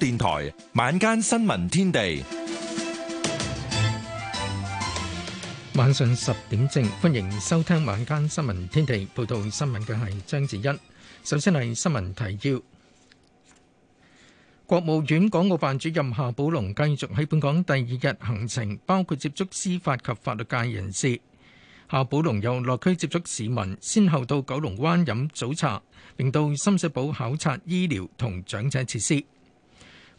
電台晚間新聞天地，晚上十點正，歡迎收聽晚間新聞天地。報道新聞嘅係張子欣。首先係新聞提要：國務院港澳辦主任夏寶龍繼續喺本港第二日行程，包括接觸司法及法律界人士。夏寶龍又落區接觸市民，先後到九龍灣飲早茶，並到深水埗考察醫療同長者設施。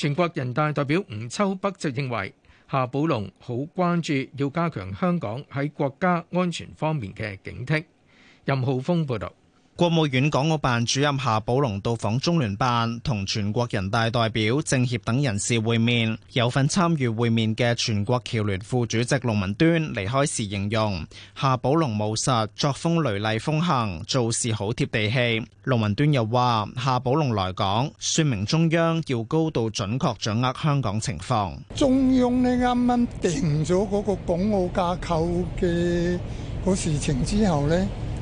全國人大代表吳秋北就認為，夏寶龍好關注要加強香港喺國家安全方面嘅警惕。任浩峰報導。國務院港澳辦主任夏寶龍到訪中聯辦，同全國人大代表、政協等人士會面。有份參與會面嘅全國僑聯副主席盧文端離開時形容，夏寶龍務實，作風雷厲風行，做事好貼地氣。盧文端又話，夏寶龍來港，說明中央要高度準確掌握香港情況。中央呢啱啱定咗嗰個港澳架構嘅個事情之後呢，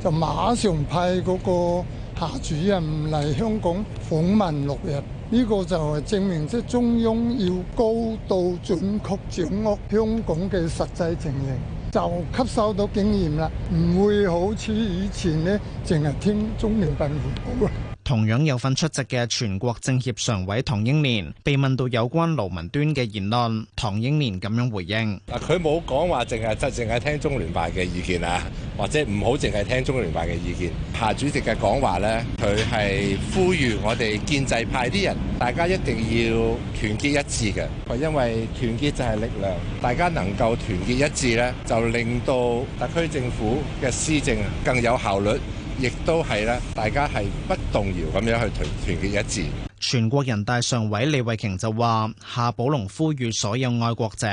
就馬上派嗰個夏主任嚟香港訪問六日。呢、呢個就係證明，即中央要高度準確掌握香港嘅實際情形，就吸收到經驗啦，唔會好似以前呢，淨係聽中聯辦報告 同樣有份出席嘅全國政協常委唐英年被問到有關盧文端嘅言論，唐英年咁樣回應：嗱，佢冇講話，淨係就淨係聽中聯辦嘅意見啊，或者唔好淨係聽中聯辦嘅意見。夏主席嘅講話咧，佢係呼籲我哋建制派啲人，大家一定要團結一致嘅，因為團結就係力量。大家能夠團結一致咧，就令到特區政府嘅施政更有效率。亦都係咧，大家係不動搖咁樣去團團結一致。全國人大常委李慧瓊就話：夏寶龍呼籲所有愛國者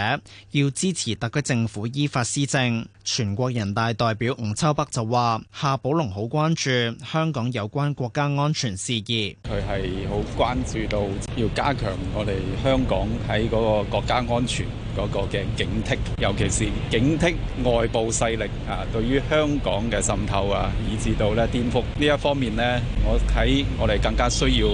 要支持特區政府依法施政。全國人大代表吳秋北就話：夏寶龍好關注香港有關國家安全事宜，佢係好關注到要加強我哋香港喺嗰個國家安全嗰個嘅警惕，尤其是警惕外部勢力啊對於香港嘅滲透啊，以至到咧顛覆呢一方面呢，我睇我哋更加需要。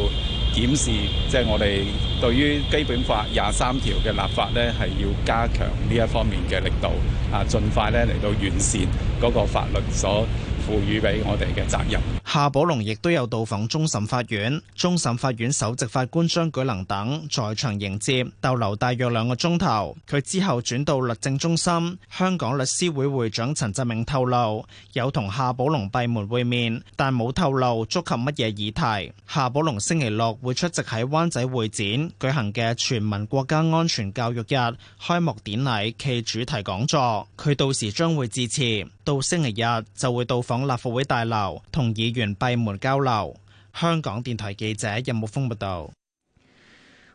檢視即係、就是，我哋對於基本法廿三條嘅立法咧，係要加強呢一方面嘅力度啊，盡快咧嚟到完善嗰個法律所，賦予俾我哋嘅責任。夏寶龍亦都有到訪終審法院，終審法院首席法官張舉能等在場迎接，逗留大約兩個鐘頭。佢之後轉到律政中心。香港律師會會長陳澤銘透露，有同夏寶龍閉門會面，但冇透露觸及乜嘢議題。夏寶龍星期六會出席喺灣仔會展舉行嘅全民國家安全教育日開幕典禮暨主題講座，佢到時將會致辭。到星期日就會到訪立法會大樓同議員閉門交流。香港電台記者任木峯報道，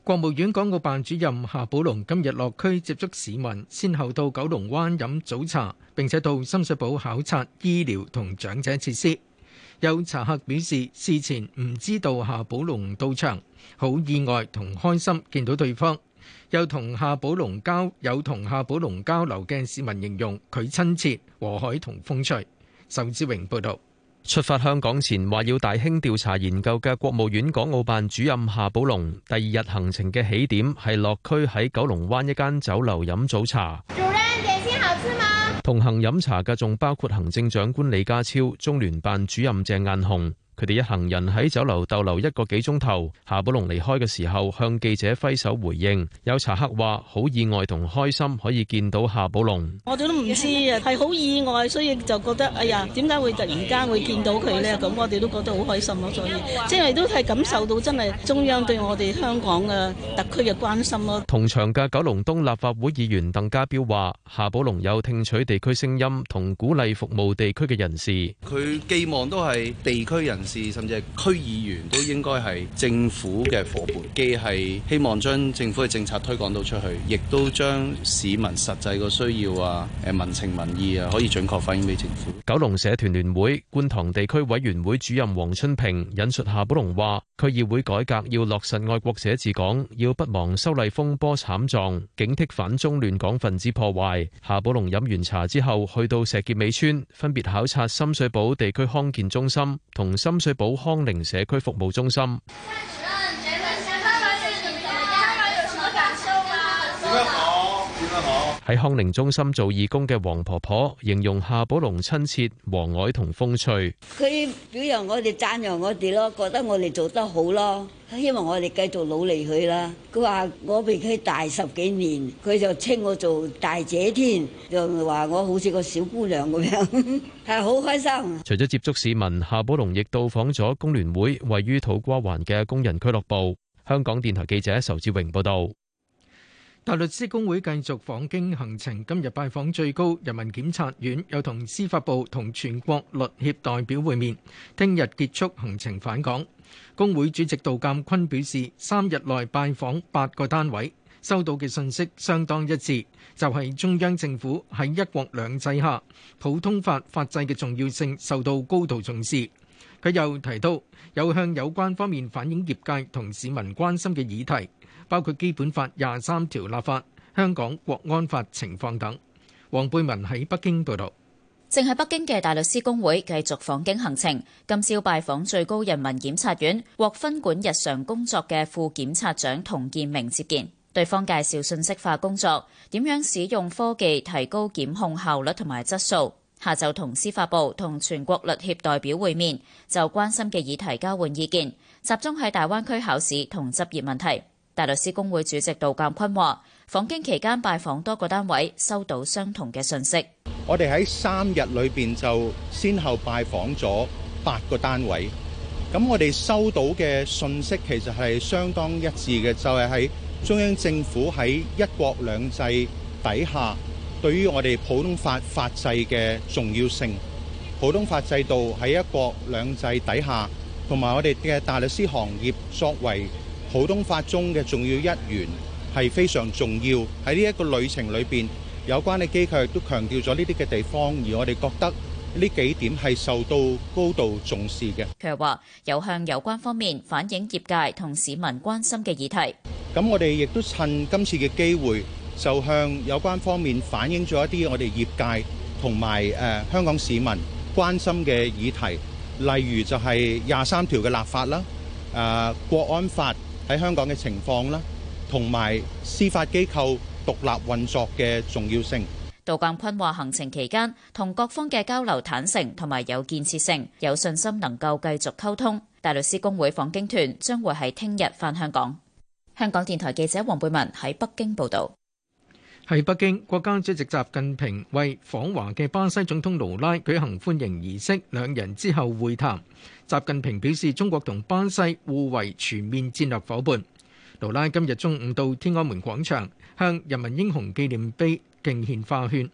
國務院港澳辦主任夏寶龍今日落區接觸市民，先後到九龍灣飲早茶，並且到深水埗考察醫療同長者設施。有茶客表示事前唔知道夏寶龍到場，好意外同開心見到對方。有同夏寶龍交有同夏寶龍交流嘅市民形容佢親切和藹同風趣。仇志榮報道，出發香港前話要大興調查研究嘅國務院港澳辦主任夏寶龍，第二日行程嘅起點係落區，喺九龍灣一間酒樓飲早茶。同行飲茶嘅仲包括行政長官李家超、中聯辦主任鄭雁雄。佢哋一行人喺酒樓逗留一個幾鐘頭，夏寶龍離開嘅時候向記者揮手回應。有茶客話好意外同開心可以見到夏寶龍，我哋都唔知啊，係好意外，所以就覺得哎呀，點解會突然間會見到佢咧？咁我哋都覺得好開心咯，所以即係都係感受到真係中央對我哋香港嘅特區嘅關心咯。同場嘅九龍東立法會議員鄧家彪話：夏寶龍有聽取地區聲音，同鼓勵服務地區嘅人士。佢寄望都係地區人。甚至係區議員都應該係政府嘅夥伴，既係希望將政府嘅政策推廣到出去，亦都將市民實際嘅需要啊、誒民情民意啊，可以準確反映俾政府。九龍社團聯會觀塘地區委員會主任黃春平引述夏寶龍話，區議會改革要落實愛國者治港，要不忘修例風波慘狀，警惕反中亂港分子破壞。夏寶龍飲完茶之後，去到石硤尾村，分別考察深水埗地區康健中心同深深水埗康寧社區服務中心。喺康寧中心做義工嘅黃婆婆形容夏寶龍親切、和藹同風趣。佢表揚我哋，讚揚我哋咯，覺得我哋做得好咯，希望我哋繼續努力佢啦。佢話我比佢大十幾年，佢就稱我做大姐添，就話我好似個小姑娘咁樣，係 好開心。除咗接觸市民，夏寶龍亦到訪咗工聯會位於土瓜灣嘅工人俱樂部。香港電台記者仇志榮報道。大律師公會繼續訪京行程，今日拜訪最高人民檢察院，又同司法部同全國律協代表會面，聽日結束行程返港。公會主席杜淦堃表示，三日內拜訪八個單位，收到嘅信息相當一致，就係中央政府喺一國兩制下普通法法制嘅重要性受到高度重視。佢又提到，有向有關方面反映業界同市民關心嘅議題。包括基本法廿三條立法、香港國安法情況等。黃貝文喺北京報道，正喺北京嘅大律師公會繼續訪京行程。今朝拜訪最高人民檢察院，獲分管日常工作嘅副檢察長童建明接見，對方介紹信息化工作點樣使用科技提高檢控效率同埋質素。下晝同司法部同全國律協代表會面，就關心嘅議題交換意見，集中喺大灣區考試同執業問題。大律師公會主席杜鑒坤話，訪京期間拜訪多個單位，收到相同嘅信息。我哋喺三日裏邊就先後拜訪咗八個單位，咁我哋收到嘅信息其實係相當一致嘅，就係喺中央政府喺一國兩制底下，對於我哋普通法法制嘅重要性，普通法制度喺一國兩制底下，同埋我哋嘅大律師行業作為。普通法中嘅重要一員，係非常重要。喺呢一個旅程裏邊，有關嘅機構亦都強調咗呢啲嘅地方，而我哋覺得呢幾點係受到高度重視嘅。佢又話有向有關方面反映業界同市民關心嘅議題。咁我哋亦都趁今次嘅機會，就向有關方面反映咗一啲我哋業界同埋誒香港市民關心嘅議題，例如就係廿三條嘅立法啦，誒國安法。喺香港嘅情況啦，同埋司法機構獨立運作嘅重要性。杜淦堃話：行程期間同各方嘅交流坦誠同埋有建設性，有信心能夠繼續溝通。大律師公會訪京團將會喺聽日返香港。香港電台記者黃貝文喺北京報導。喺北京，國家主席習近平為訪華嘅巴西總統盧拉舉行歡迎儀式，兩人之後會談。習近平表示，中國同巴西互為全面戰略伙伴。盧拉今日中午到天安門廣場向人民英雄紀念碑敬獻花圈。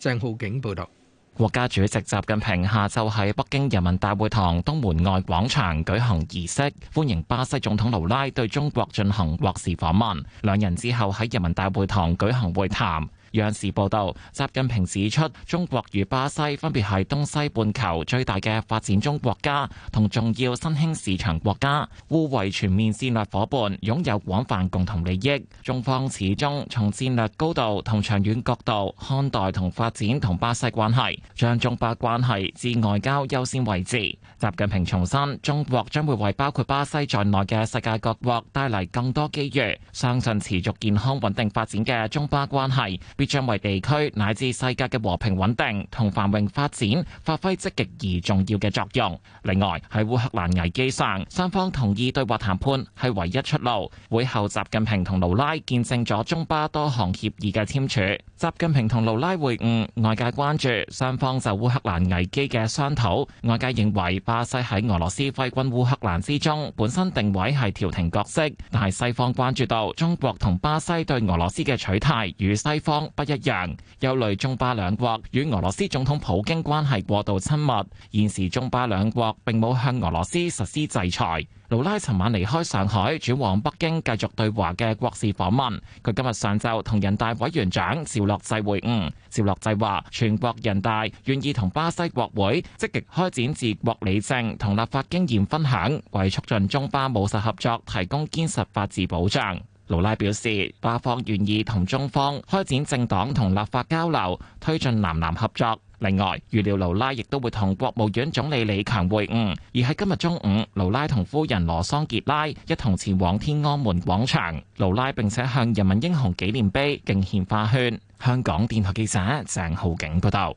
鄭浩景報道。國家主席習近平下晝喺北京人民大會堂東門外廣場舉行儀式，歡迎巴西總統盧拉對中國進行國事訪問。兩人之後喺人民大會堂舉行會談。央視報道，習近平指出，中國與巴西分別係東西半球最大嘅發展中國家同重要新興市場國家，互為全面戰略伙伴，擁有廣泛共同利益。中方始終從戰略高度同長遠角度看待同發展同巴西關係，將中巴關係置外交優先位置。習近平重申，中國將會為包括巴西在內嘅世界各國帶嚟更多機遇，相信持續健康穩定發展嘅中巴關係必將為地區乃至世界嘅和平穩定同繁榮發展發揮積極而重要嘅作用。另外喺烏克蘭危機上，雙方同意對話談判係唯一出路。會後，習近平同盧拉見證咗中巴多項協議嘅簽署。習近平同盧拉會晤，外界關注雙方就烏克蘭危機嘅商討。外界認為巴西喺俄羅斯揮軍烏克蘭之中，本身定位係調停角色，但係西方關注到中國同巴西對俄羅斯嘅取態與西方。不一樣，憂慮中巴兩國與俄羅斯總統普京關係過度親密，現時中巴兩國並冇向俄羅斯實施制裁。盧拉尋晚離開上海，轉往北京繼續對華嘅國事訪問。佢今日上晝同人大委員長趙樂際會晤，趙樂際話全國人大願意同巴西國會積極開展治國理政同立法經驗分享，為促進中巴務實合作提供堅實法治保障。盧拉表示，巴方願意同中方開展政黨同立法交流，推進南南合作。另外，預料盧拉亦都會同國務院總理李強會晤。而喺今日中午，盧拉同夫人羅桑傑拉一同前往天安門廣場，盧拉並且向人民英雄紀念碑敬獻花圈。香港電台記者鄭浩景報道。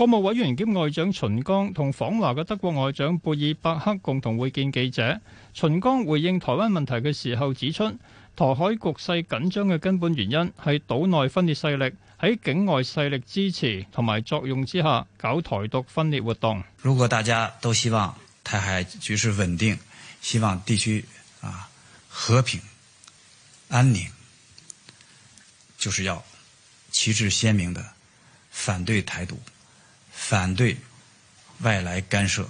國務委員兼外長秦剛同訪華嘅德國外長貝爾伯克共同會見記者。秦剛回應台灣問題嘅時候指出，台海局勢緊張嘅根本原因係島內分裂勢力喺境外勢力支持同埋作用之下搞台獨分裂活動。如果大家都希望台海局勢穩定，希望地區啊和平安寧，就是要旗幟鮮明地反對台獨。反對外來干涉。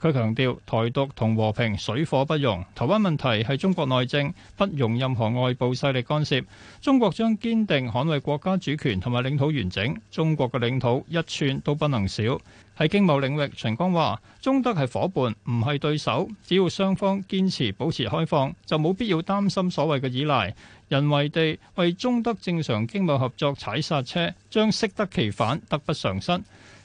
佢強調，台獨同和，和平水火不容。台灣問題係中國內政，不容任何外部勢力干涉。中國將堅定捍衛國家主權同埋領土完整。中國嘅領土一寸都不能少。喺經貿領域，秦剛話中德係伙伴，唔係對手。只要雙方堅持保持開放，就冇必要擔心所謂嘅依賴。人為地為中德正常經貿合作踩剎車，將適得其反，得不償失。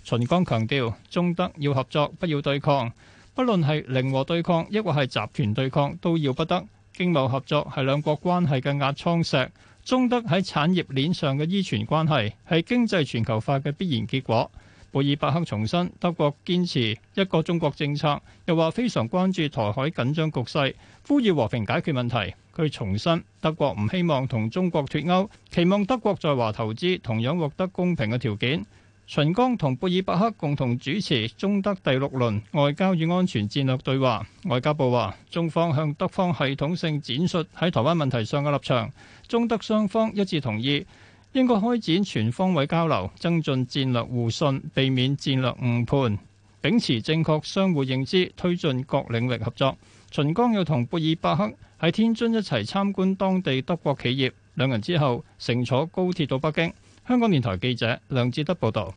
秦剛強調，中德要合作，不要對抗。不論係零和對抗，抑或係集團對抗，都要不得。經貿合作係兩國關係嘅壓艙石。中德喺產業鏈上嘅依存關係，係經濟全球化嘅必然結果。貝爾伯克重申，德國堅持一個中國政策，又話非常關注台海緊張局勢，呼籲和平解決問題。佢重申，德國唔希望同中國脱歐，期望德國在華投資同樣獲得公平嘅條件。秦剛同貝爾伯克共同主持中德第六輪外交與安全戰略對話。外交部話，中方向德方系統性闡述喺台灣問題上嘅立場，中德雙方一致同意應該開展全方位交流，增進戰略互信，避免戰略誤判，秉持正確相互認知，推進各領域合作。秦剛又同貝爾伯克喺天津一齊參觀當地德國企業，兩人之後乘坐高鐵到北京。香港電台記者梁志德報道：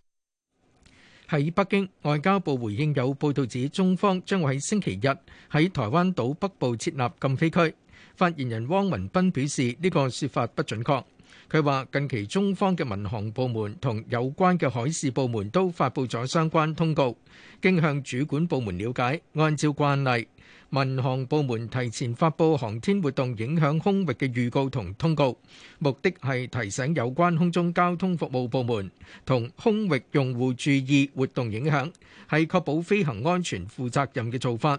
喺北京，外交部回應有報道指中方將會喺星期日喺台灣島北部設立禁飛區。發言人汪文斌表示呢個說法不準確。佢話近期中方嘅民航部門同有關嘅海事部門都發布咗相關通告，經向主管部門了解，按照慣例，民航部門提前發布航天活動影響空域嘅預告同通告，目的係提醒有關空中交通服務部門同空域用戶注意活動影響，係確保飛行安全負責任嘅做法。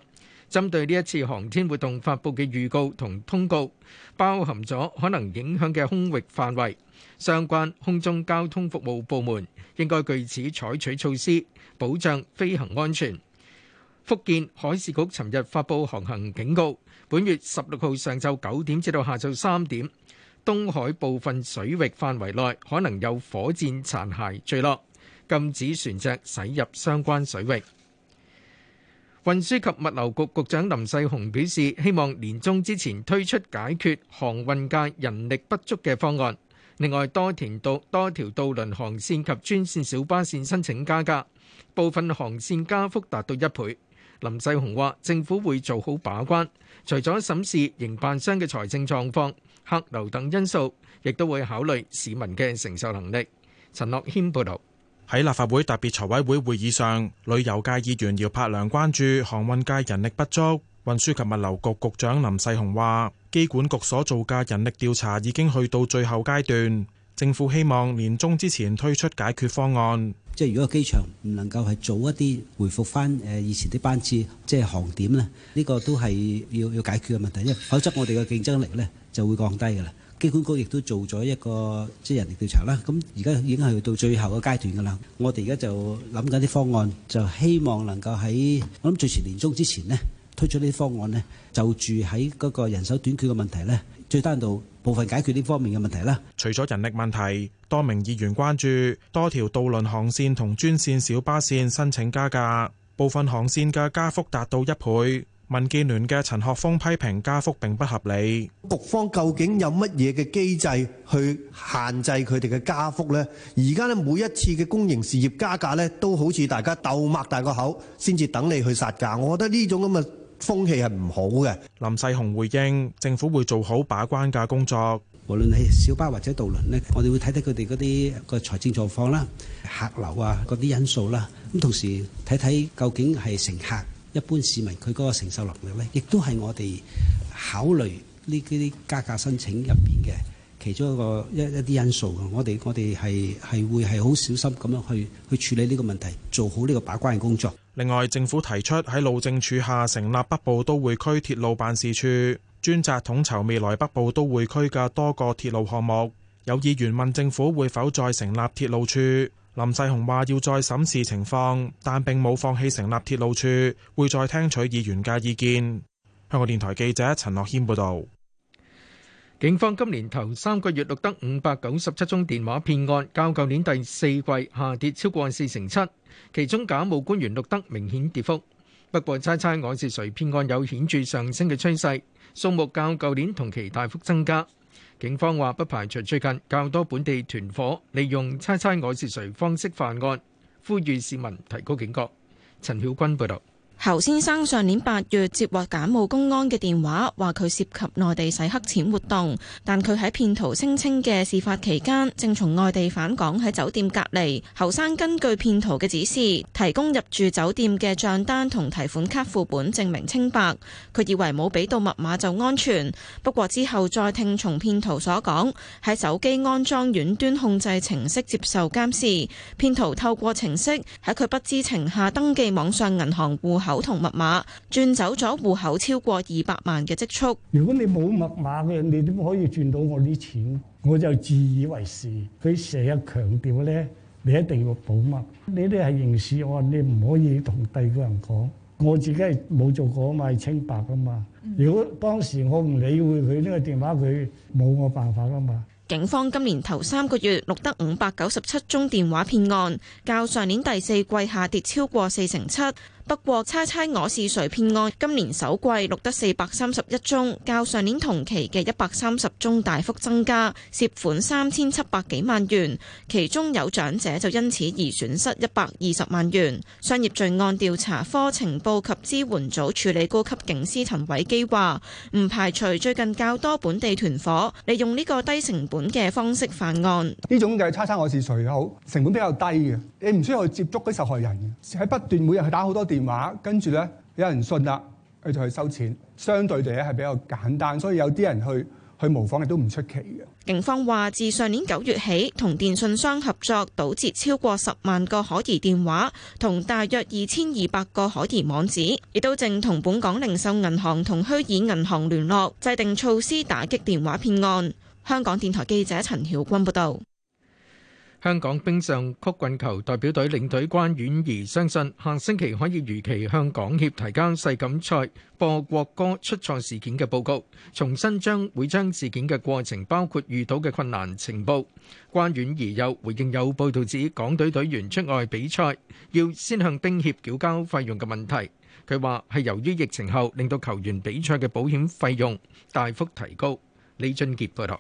針對呢一次航天活動發布嘅預告同通告，包含咗可能影響嘅空域範圍，相關空中交通服務部門應該據此採取措施，保障飛行安全。福建海事局尋日發布航行警告，本月十六號上晝九點至到下晝三點，東海部分水域範圍內可能有火箭殘骸墜落，禁止船隻駛入相關水域。運輸及物流局局長林世雄表示，希望年終之前推出解決航運界人力不足嘅方案。另外，多條道多條渡輪航線及專線小巴線申請加價，部分航線加幅達到一倍。林世雄話：政府會做好把關，除咗審視營辦商嘅財政狀況、客流等因素，亦都會考慮市民嘅承受能力。陳樂軒報導。喺立法會特別籌委會會議上，旅遊界議員姚柏良關注航運界人力不足。運輸及物流局局局長林世雄話：機管局所做嘅人力調查已經去到最後階段。政府希望年中之前推出解決方案，即係如果機場唔能夠係早一啲回覆翻誒以前啲班次，即係航點咧，呢個都係要要解決嘅問題，因為否則我哋嘅競爭力咧就會降低嘅啦。機管局亦都做咗一個即係人力調查啦，咁而家已經係去到最後嘅階段嘅啦。我哋而家就諗緊啲方案，就希望能夠喺我諗最遲年中之前咧推出呢啲方案咧，就住喺嗰個人手短缺嘅問題咧。最單獨部分解決呢方面嘅問題啦。除咗人力問題，多名議員關注多條渡輪航線同專線小巴線申請加價，部分航線嘅加幅達到一倍。民建聯嘅陳學鋒批評加幅並不合理。局方究竟有乜嘢嘅機制去限制佢哋嘅加幅呢？而家呢每一次嘅公營事業加價呢，都好似大家鬥擘大個口先至等你去殺價。我覺得呢種咁嘅風氣係唔好嘅。林世雄回應：政府會做好把關嘅工作。無論係小巴或者渡輪呢，我哋會睇睇佢哋嗰啲個財政狀況啦、客流啊嗰啲因素啦。咁同時睇睇究竟係乘客一般市民佢嗰個承受能力呢，亦都係我哋考慮呢啲加價申請入邊嘅。其中一個一一啲因素，我哋我哋係係會係好小心咁樣去去處理呢個問題，做好呢個把關嘅工作。另外，政府提出喺路政署下成立北部都會區鐵路辦事處，專責統籌未來北部都會區嘅多個鐵路項目。有議員問政府會否再成立鐵路處，林世雄話要再審視情況，但並冇放棄成立鐵路處，會再聽取議員嘅意見。香港電台記者陳樂軒報導。警方今年頭三個月錄得五百九十七宗電話騙案，較舊年第四季下跌超過四成七，其中假冒官員錄得明顯跌幅。不過，猜猜我是誰騙案有顯著上升嘅趨勢，數目較舊年同期大幅增加。警方話不排除最近較多本地團伙利用猜猜我是誰方式犯案，呼籲市民提高警覺。陳曉君報道。侯先生上年八月接獲假冒公安嘅電話，話佢涉及內地洗黑錢活動。但佢喺騙徒聲稱嘅事發期間，正從外地返港喺酒店隔離。侯生根據騙徒嘅指示，提供入住酒店嘅賬單同提款卡副本證明清白。佢以為冇俾到密碼就安全，不過之後再聽從騙徒所講，喺手機安裝遠端控制程式接受監視。騙徒透過程式喺佢不知情下登記網上銀行戶口，口同密碼轉走咗戶口超過二百萬嘅積蓄。如果你冇密碼嘅，你點可以轉到我啲錢？我就自以為是。佢成日強調咧，你一定要保密。呢啲係刑事案，你唔可以同第二個人講。我自己係冇做過啊嘛，係清白噶嘛。如果當時我唔理會佢呢個電話，佢冇我辦法噶嘛。警方今年頭三個月錄得五百九十七宗電話騙案，較上年第四季下跌超過四成七。不過，猜猜我是誰騙案今年首季錄得四百三十一宗，較上年同期嘅一百三十宗大幅增加，涉款三千七百幾萬元，其中有長者就因此而損失一百二十萬元。商業罪案調查科情報及支援組處理高級警司陳偉基話：唔排除最近較多本地團伙利用呢個低成本嘅方式犯案。呢種嘅猜猜我是誰好成本比較低嘅，你唔需要去接觸啲受害人喺不斷每日去打好多。電話跟住咧，有人信啦，佢就去收錢，相對地咧係比較簡單，所以有啲人去去模仿亦都唔出奇嘅。警方話，自上年九月起，同電信商合作，堵截超過十萬個可疑電話，同大約二千二百個可疑網址，亦都正同本港零售銀行同虛擬銀行聯絡，制定措施打擊電話騙案。香港電台記者陳曉君報導。香港冰上曲棍球代表隊領隊關婉儀相信，下星期可以如期向港協提交世錦賽播國歌出錯事件嘅報告，重申將會將事件嘅過程，包括遇到嘅困難呈報。關婉儀又回應有報道指港隊隊員出外比賽要先向冰協繳交費用嘅問題，佢話係由於疫情後令到球員比賽嘅保險費用大幅提高。李俊傑報道。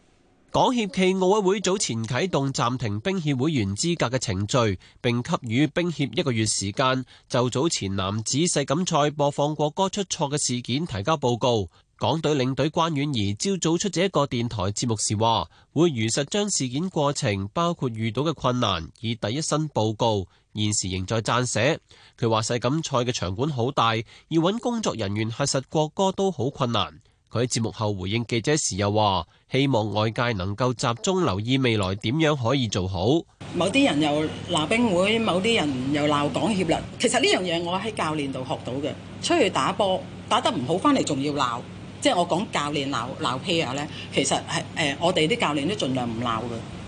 港協暨奧委會早前啟動暫停冰協會員資格嘅程序，並給予冰協一個月時間就早前男子世錦賽播放國歌出錯嘅事件提交報告。港隊領隊關婉儀朝早出席一個電台節目時話，會如實將事件過程包括遇到嘅困難以第一身報告，現時仍在撰寫。佢話世錦賽嘅場館好大，要揾工作人員核實國歌都好困難。佢喺節目後回應記者時又話：希望外界能夠集中留意未來點樣可以做好。某啲人又鬧冰會，某啲人又鬧港協啦。其實呢樣嘢我喺教練度學到嘅。出去打波打得唔好，翻嚟仲要鬧，即係我講教練鬧鬧 pair 咧。其實係誒，我哋啲教練都盡量唔鬧㗎，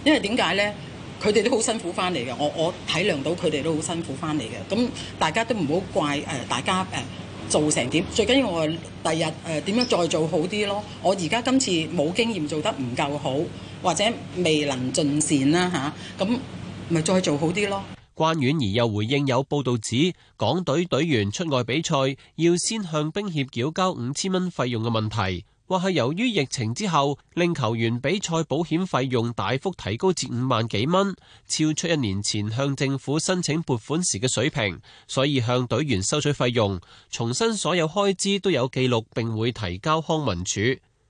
因為點解咧？佢哋都好辛苦翻嚟嘅。我我體諒到佢哋都好辛苦翻嚟嘅。咁大家都唔好怪誒，大家誒。做成點，最緊要我第日誒點樣再做好啲咯。我而家今次冇經驗做得唔夠好，或者未能盡善啦吓，咁、啊、咪、嗯、再做好啲咯。關婉兒又回應有報道指港隊隊員出外比賽要先向冰協繳交五千蚊費用嘅問題。話係由於疫情之後，令球員比賽保險費用大幅提高至五萬幾蚊，超出一年前向政府申請撥款時嘅水平，所以向隊員收取費用。重申所有開支都有記錄，並會提交康文署。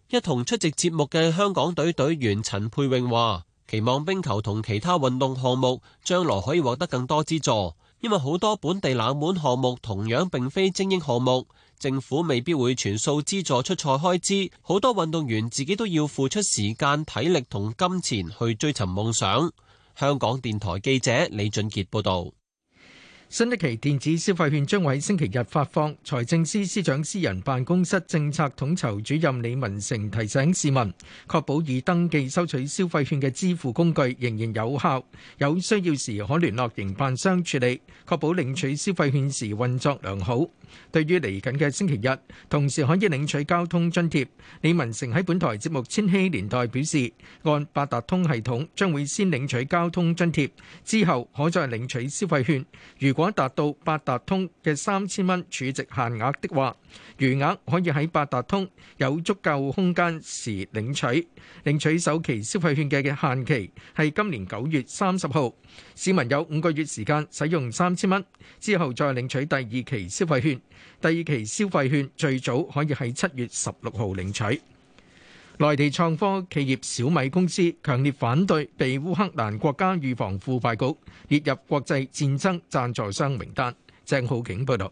一同出席節目嘅香港隊隊員陳佩榮話，期望冰球同其他運動項目將來可以獲得更多資助，因為好多本地冷門項目同樣並非精英項目。政府未必會全數資助出賽開支，好多運動員自己都要付出時間、體力同金錢去追尋夢想。香港電台記者李俊杰報道。新一期電子消費券將會喺星期日發放。財政司司長私人辦公室政策統籌主任李文成提醒市民，確保已登記收取消費券嘅支付工具仍然有效，有需要時可聯絡營辦商處理，確保領取消費券時運作良好。對於嚟緊嘅星期日，同時可以領取交通津貼，李文成喺本台節目《千禧年代》表示，按八達通系統將會先領取交通津貼，之後可再領取消費券。如果如果達到八達通嘅三千蚊儲值限額的話，餘額可以喺八達通有足夠空間時領取。領取首期消費券嘅限期係今年九月三十號，市民有五個月時間使用三千蚊，之後再領取第二期消費券。第二期消費券最早可以喺七月十六號領取。內地創科企業小米公司強烈反對被烏克蘭國家預防腐敗局列入國際戰爭贊助商名單。鄭浩景報導。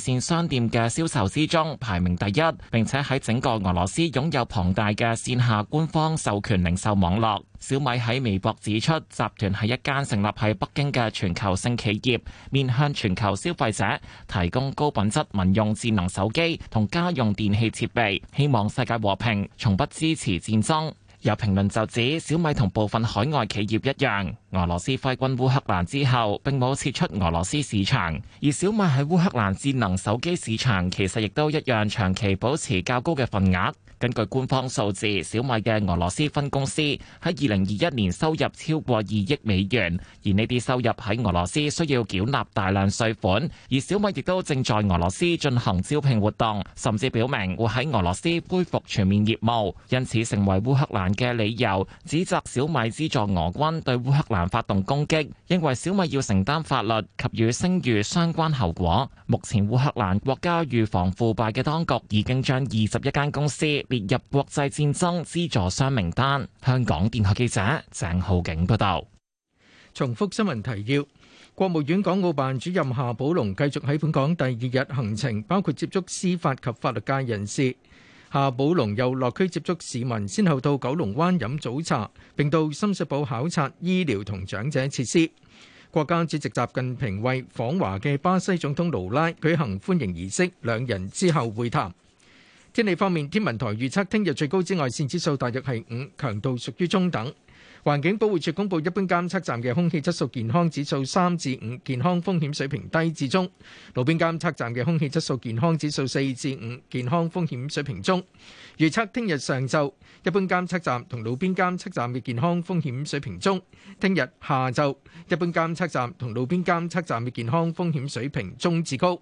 線商店嘅銷售之中排名第一，並且喺整個俄羅斯擁有龐大嘅線下官方授權零售網絡。小米喺微博指出，集團係一間成立喺北京嘅全球性企業，面向全球消費者，提供高品質民用智能手機同家用電器設備，希望世界和平，從不支持戰爭。有評論就指，小米同部分海外企業一樣，俄羅斯揮軍烏克蘭之後並冇撤出俄羅斯市場，而小米喺烏克蘭智能手機市場其實亦都一樣長期保持較高嘅份額。根據官方數字，小米嘅俄羅斯分公司喺二零二一年收入超過二億美元，而呢啲收入喺俄羅斯需要繳納大量稅款。而小米亦都正在俄羅斯進行招聘活動，甚至表明會喺俄羅斯恢復全面業務。因此，成為烏克蘭嘅理由，指責小米資助俄軍對烏克蘭發動攻擊，認為小米要承擔法律及與聲譽相關後果。目前，烏克蘭國家預防腐敗嘅當局已經將二十一間公司列入國際戰爭資助商名單。香港電台記者鄭浩景報道。重複新聞提要。國務院港澳辦主任夏寶龍繼續喺本港第二日行程，包括接觸司法及法律界人士。夏寶龍又落區接觸市民，先後到九龍灣飲早茶，並到深水埗考察醫療同長者設施。國家主席習近平為訪華嘅巴西總統盧拉舉行歡迎儀式，兩人之後會談。天氣方面，天文台預測聽日最高紫外線指數大約係五，強度屬於中等。環境保護署公布一般監測站嘅空氣質素健康指數三至五，健康風險水平低至中；路邊監測站嘅空氣質素健康指數四至五，健康風險水平中。預測聽日上晝一般監測站同路邊監測站嘅健康風險水平中；聽日下晝一般監測站同路邊監測站嘅健康風險水平中至高。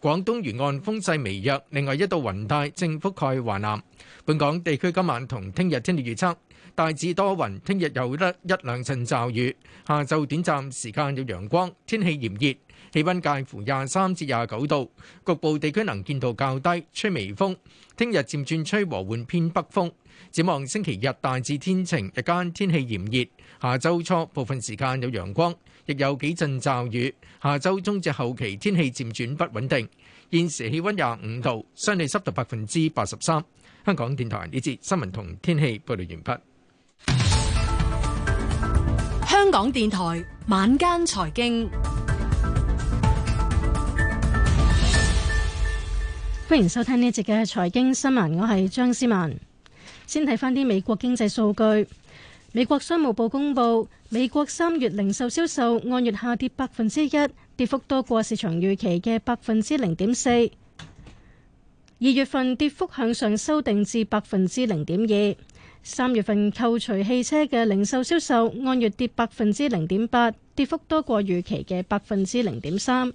廣東沿岸風勢微弱，另外一道雲帶正覆蓋華南。本港地區今晚同聽日天氣預測，大致多雲，聽日有得一兩陣驟雨，下晝短暫時間有陽光，天氣炎熱。氣溫介乎廿三至廿九度，局部地區能見度較低，吹微風。聽日漸轉吹和緩偏北風。展望星期日大致天晴，日間天氣炎熱。下周初部分時間有陽光，亦有幾陣驟雨。下周中至後期天氣漸轉不穩定。現時氣溫廿五度，相對濕度百分之八十三。香港電台呢節新聞同天氣報道完畢。香港電台晚間財經。歡迎收聽呢一節嘅財經新聞，我係張思文。先睇翻啲美國經濟數據。美國商務部公布，美國三月零售銷售按月下跌百分之一，跌幅多過市場預期嘅百分之零點四。二月份跌幅向上修訂至百分之零點二。三月份扣除汽車嘅零售銷售按月跌百分之零點八，跌幅多過預期嘅百分之零點三。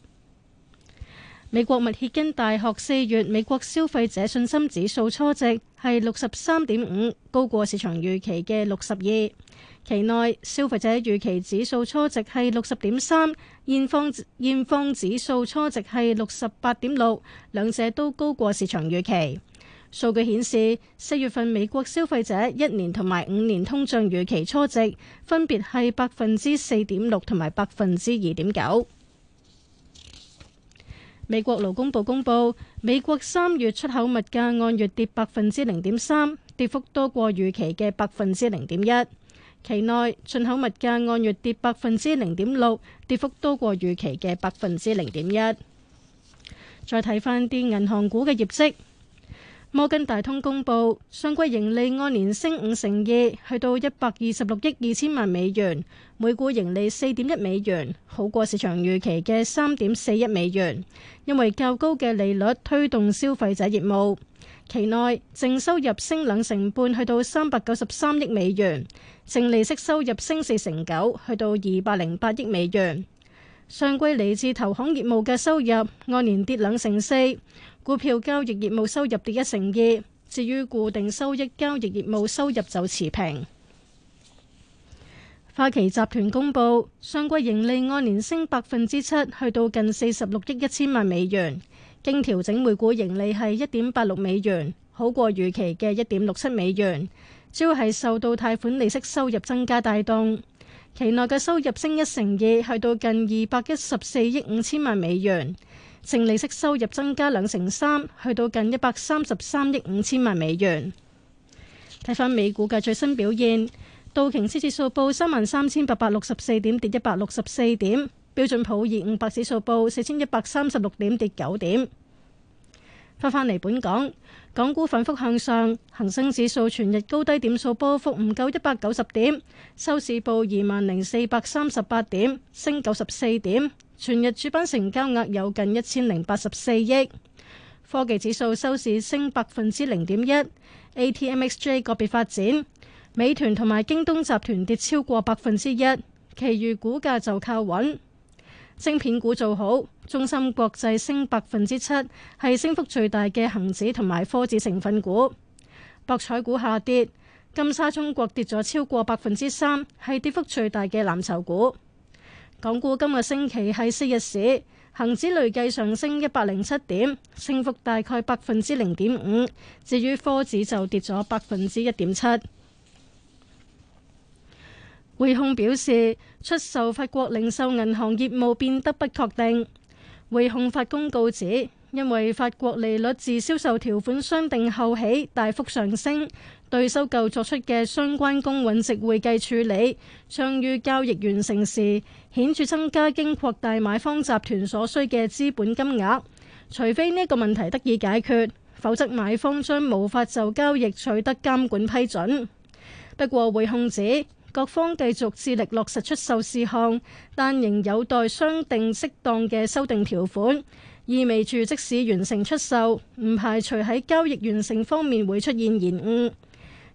美國密歇根大學四月美國消費者信心指數初值係六十三點五，高過市場預期嘅六十二。期內消費者預期指數初值係六十點三，現況現況指數初值係六十八點六，兩者都高過市場預期。數據顯示，四月份美國消費者一年同埋五年通脹預期初值分別係百分之四點六同埋百分之二點九。美國勞工部公布，美國三月出口物價按月跌百分之零點三，跌幅多過預期嘅百分之零點一。期內進口物價按月跌百分之零點六，跌幅多過預期嘅百分之零點一。再睇翻啲銀行股嘅業績，摩根大通公布上季盈利按年升五成二，去到一百二十六億二千萬美元。每股盈利四點一美元，好過市場預期嘅三點四一美元。因為較高嘅利率推動消費者業務，期內淨收入升兩成半，去到三百九十三億美元。淨利息收入升四成九，去到二百零八億美元。上季嚟自投行業務嘅收入按年跌兩成四，股票交易業務收入跌一成二。至於固定收益交易業務收入就持平。花旗集團公布上季盈利按年升百分之七，去到近四十六億一千萬美元，經調整每股盈利係一點八六美元，好過預期嘅一點六七美元，主要係受到貸款利息收入增加帶動。期內嘅收入升一成二，去到近二百一十四億五千萬美元，淨利息收入增加兩成三，去到近一百三十三億五千萬美元。睇返美股嘅最新表現。道瓊斯指數報三萬三千八百六十四點，跌一百六十四點。標準普爾五百指數報四千一百三十六點，跌九點。翻返嚟，本港港股反覆向上，恒生指數全日高低點數波幅唔夠一百九十點，收市報二萬零四百三十八點，升九十四點。全日主板成交額有近一千零八十四億。科技指數收市升百分之零點一。ATMXJ 個別發展。美團同埋京東集團跌，超過百分之一，其餘股價就靠穩。晶片股做好，中芯國際升百分之七，係升幅最大嘅恒指同埋科指成分股。博彩股下跌，金沙中國跌咗超過百分之三，係跌幅最大嘅藍籌股。港股今個星期係四日市，恒指累計上升一百零七點，升幅大概百分之零點五。至於科指就跌咗百分之一點七。匯控表示，出售法國零售銀行業務變得不確定。匯控發公告指，因為法國利率自銷售條款商定後起大幅上升，對收購作出嘅相關公允值會計處理，將於交易完成時顯著增加，經擴大買方集團所需嘅資本金額。除非呢個問題得以解決，否則買方將無法就交易取得監管批准。不過，匯控指。各方繼續致力落實出售事項，但仍有待商定適當嘅修訂條款，意味住即使完成出售，唔排除喺交易完成方面會出現延誤。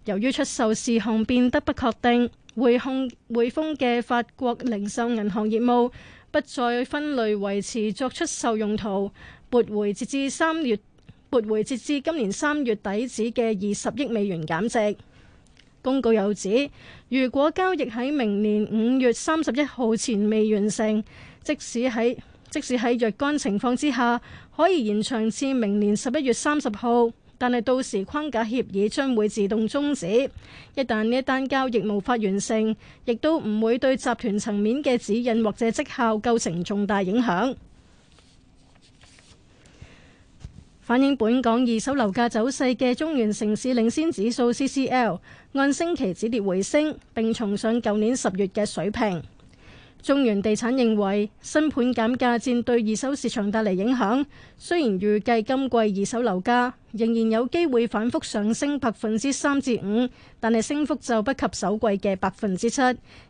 由於出售事項變得不確定，匯控匯，匯豐嘅法國零售銀行業務不再分類維持作出售用途，撥回截至三月，撥回截至今年三月底止嘅二十億美元減值。公告又指，如果交易喺明年五月三十一號前未完成，即使喺即使喺若干情況之下，可以延長至明年十一月三十號，但係到時框架協議將會自動終止。一旦呢一單交易無法完成，亦都唔會對集團層面嘅指引或者績效構成重大影響。反映本港二手樓價走勢嘅中原城市領先指數 CCL 按星期止跌回升，並重上舊年十月嘅水平。中原地產認為新盤減價戰對二手市場帶嚟影響，雖然預計今季二手樓價仍然有機會反復上升百分之三至五，但係升幅就不及首季嘅百分之七。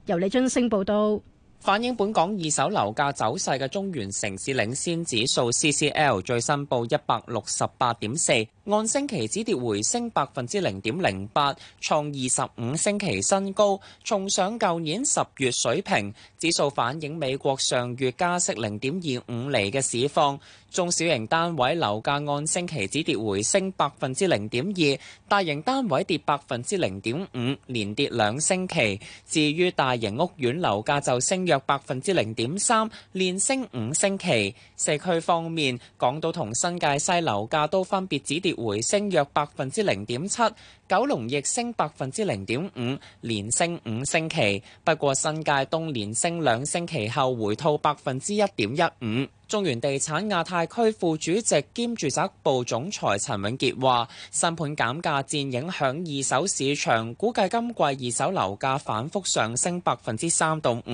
由李津升報道。反映本港二手樓價走勢嘅中原城市領先指數 CCL 最新報一百六十八點四。按星期止跌回升百分之零點零八，創二十五星期新高，重上舊年十月水平。指數反映美國上月加息零點二五厘嘅市況。中小型單位樓價按星期止跌回升百分之零點二，大型單位跌百分之零點五，連跌兩星期。至於大型屋苑樓價就升約百分之零點三，連升五星期。社區方面，港島同新界西樓價都分別止跌。回升約百分之零點七，九龍亦升百分之零點五，連升五星期。不過新界東連升兩星期後回吐百分之一點一五。中原地產亞太區副主席兼住宅部總裁陳永傑話：新盤減價戰影響二手市場，估計今季二手樓價反覆上升百分之三到五，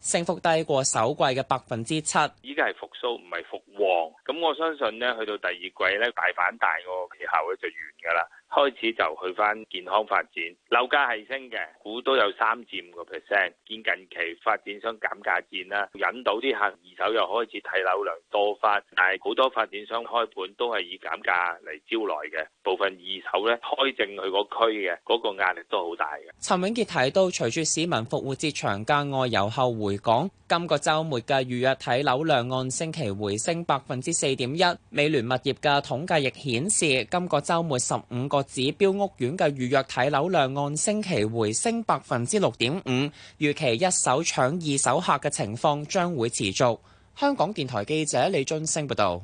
升幅低過首季嘅百分之七。依家係復甦，唔係復旺。咁我相信呢，去到第二季咧，大反大個期效咧就完㗎啦。開始就去翻健康發展，樓價係升嘅，股都有三至五個 percent。見近期發展商減價戰啦，引到啲客二手又開始睇樓量多翻，但係好多發展商開盤都係以減價嚟招來嘅。部分二手咧開正佢個區嘅，嗰個壓力都好大嘅。陳永傑提到，隨住市民復活節長假外遊後回港，今個週末嘅預約睇樓量按星期回升百分之四點一。美聯物業嘅統計亦顯示，今個週末十五個指標屋苑嘅預約睇樓量按星期回升百分之六點五，預期一手搶二手客嘅情況將會持續。香港電台記者李俊升報道。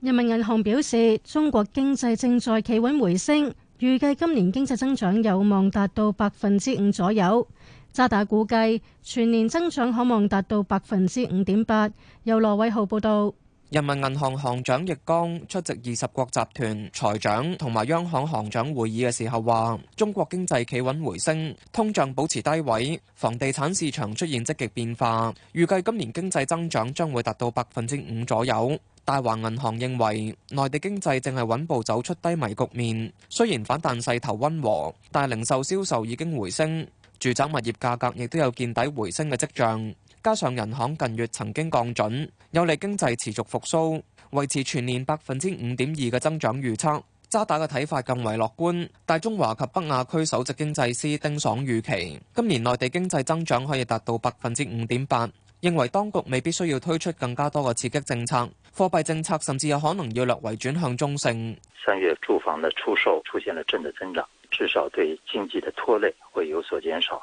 人民銀行表示，中國經濟正在企穩回升，預計今年經濟增長有望達到百分之五左右。渣打估計全年增長可望達到百分之五點八。由羅偉豪報道。人民銀行行長易綱出席二十國集團財長同埋央行行長會議嘅時候話，中國經濟企穩回升，通脹保持低位，房地產市場出現積極變化，預計今年經濟增長將會達到百分之五左右。大華銀行認為，內地經濟正係穩步走出低迷局面，雖然反彈勢頭溫和，但零售銷售銷售已經回升，住宅物業價格亦都有見底回升嘅跡象。加上銀行近月曾經降準，有利經濟持續復甦，維持全年百分之五點二嘅增長預測。渣打嘅睇法更為樂觀，大中華及北亞區首席經濟師丁爽預期今年內地經濟增長可以達到百分之五點八，認為當局未必需要推出更加多嘅刺激政策，貨幣政策甚至有可能要略為轉向中性。三月住房嘅出售出現了正嘅增長，至少對經濟嘅拖累會有所減少。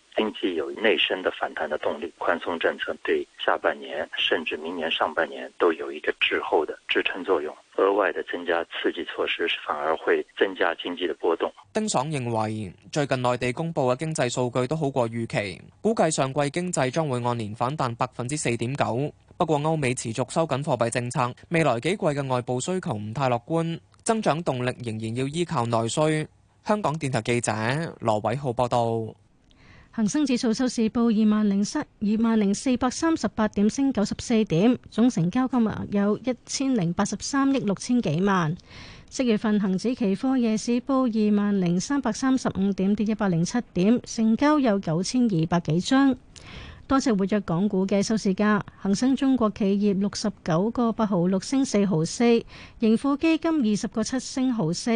經濟有內生的反彈的動力，寬鬆政策對下半年甚至明年上半年都有一個滯後的支撐作用。額外的增加刺激措施反而會增加經濟的波動。丁爽認為，最近內地公布嘅經濟數據都好過預期，估計上季經濟將會按年反彈百分之四點九。不過，歐美持續收緊貨幣政策，未來幾季嘅外部需求唔太樂觀，增長動力仍然要依靠內需。香港電台記者羅偉浩報道。恒生指數收市報二萬零七二萬零四百三十八點，升九十四點，總成交金額有一千零八十三億六千幾萬。即月份恒指期貨夜市報二萬零三百三十五點，跌一百零七點，成交有九千二百幾張。多隻活躍港股嘅收市價，恒生中國企業六十九個八毫六升四毫四，盈富基金二十個七升毫四。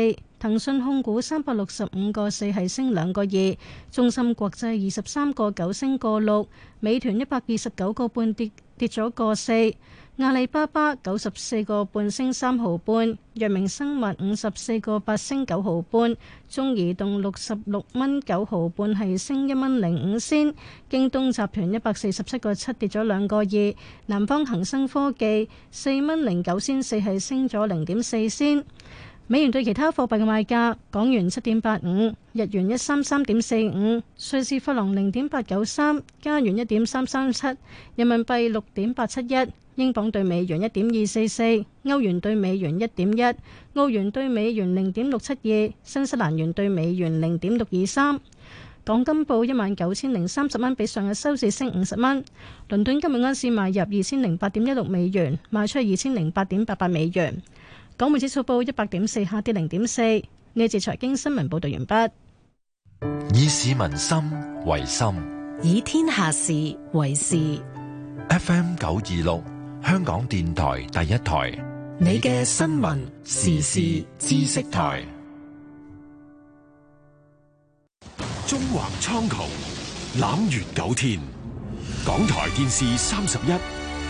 騰訊控股三百六十五個四係升兩個二，中芯國際二十三個九升個六，美團一百二十九個半跌跌咗個四，阿里巴巴九十四個半升三毫半，藥明生物五十四個八升九毫半，中移動六十六蚊九毫半係升一蚊零五仙，京東集團一百四十七個七跌咗兩個二，南方恒生科技四蚊零九仙四係升咗零點四仙。美元對其他貨幣嘅賣價：港元七點八五，日元一三三點四五，瑞士法郎零點八九三，加元一點三三七，人民幣六點八七一，英鎊對美元一點二四四，歐元對美元一點一，澳元對美元零點六七二，新西蘭元對美元零點六二三。港金報一萬九千零三十蚊，比上日收市升五十蚊。倫敦今日晏市買入二千零八點一六美元，賣出二千零八點八八美元。港匯指數報一百點四，下跌零點四。呢節財經新聞報道完畢。以市民心為心，以天下事為事。FM 九二六，香港電台第一台，你嘅新聞時事知識台。中橫蒼穹，攬月九天。港台電視三十一，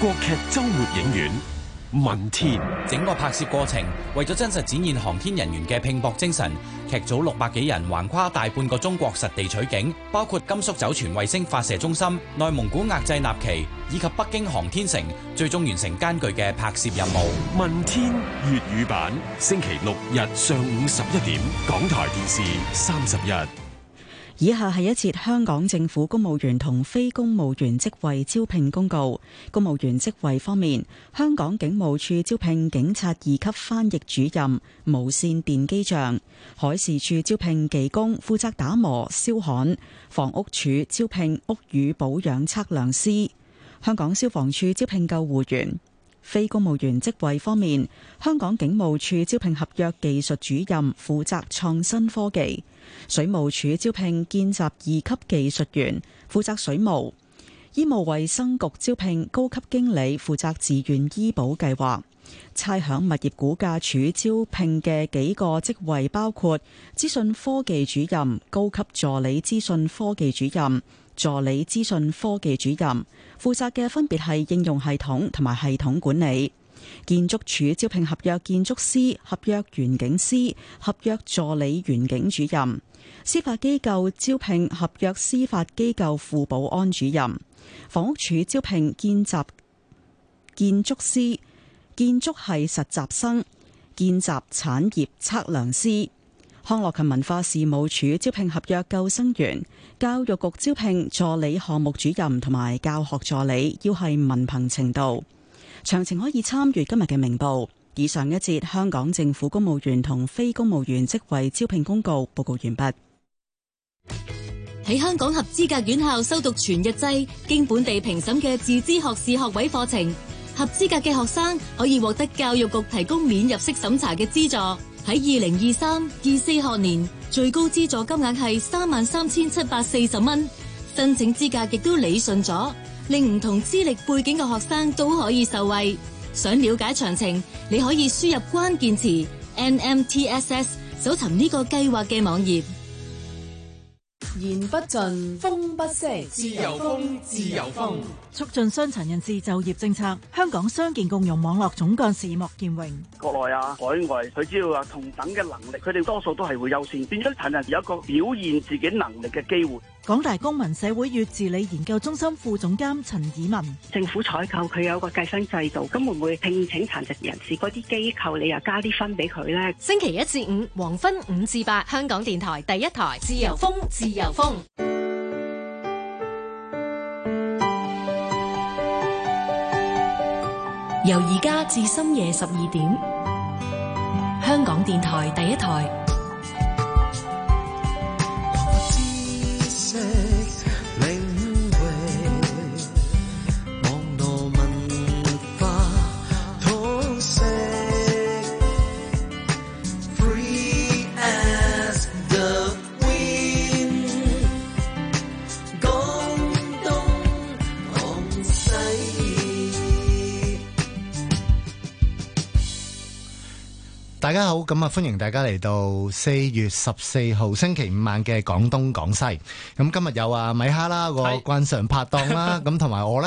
國劇周末影院。問天，整個拍攝過程，為咗真實展現航天人員嘅拼搏精神，劇組六百幾人橫跨大半個中國實地取景，包括甘肅酒泉衛星發射中心、內蒙古額濟納旗以及北京航天城，最終完成艱巨嘅拍攝任務。問天粵語版，星期六日上午十一點，港台電視三十日。以下係一節香港政府公務員同非公務員職位招聘公告。公務員職位方面，香港警務處招聘警察二級翻譯主任、無線電機匠；海事處招聘技工，負責打磨、燒焊；房屋署招聘屋宇保養測量師；香港消防處招聘救護員。非公務員職位方面，香港警務處招聘合約技術主任，負責創新科技。水務署招聘見習二級技術員，負責水務；醫務衛生局招聘高級經理，負責自願醫保計劃。差餉物業估價署招聘嘅幾個職位包括資訊科技主任、高級助理資訊科技主任、助理資訊科技主任，負責嘅分別係應用系統同埋系統管理。建築署招聘合約建築師、合約園景師、合約助理園景主任；司法機構招聘合約司法機構副保安主任；房屋署招聘兼習建築師、建築系實習生、兼習產業測量師；康樂及文化事務署招聘合約救生員；教育局招聘助理項目主任同埋教學助理，要係文憑程度。詳情可以參閱今日嘅明報。以上一節香港政府公務員同非公務員職位招聘公告報告完畢。喺香港合資格院校修讀全日制經本地評審嘅自資學士學位課程，合資格嘅學生可以獲得教育局提供免入息審查嘅資助。喺二零二三二四學年，最高資助金額係三萬三千七百四十蚊。申請資格亦都理順咗。令唔同資歷背景嘅學生都可以受惠。想了解詳情，你可以輸入關鍵詞 NMTSS，搜尋呢個計劃嘅網頁。言不盡，風不歇，自由風，自由風。促進傷殘人士就業政策，香港傷健共融網絡總幹事莫建榮。國內啊，海外，佢只要話同等嘅能力，佢哋多數都係會優先。變咗殘疾人士有一個表現自己能力嘅機會。港大公民社會與治理研究中心副總監陳以文，政府採購佢有個計分制度，咁會唔會聘請殘疾人士？嗰啲機構你又加啲分俾佢呢？星期一至五黃昏五至八，香港電台第一台自由風，自由風，由而家至深夜十二點，香港電台第一台。大家好，咁啊歡迎大家嚟到四月十四號星期五晚嘅廣東廣西。咁今日有啊米哈啦個慣常拍檔啦，咁同埋我咧。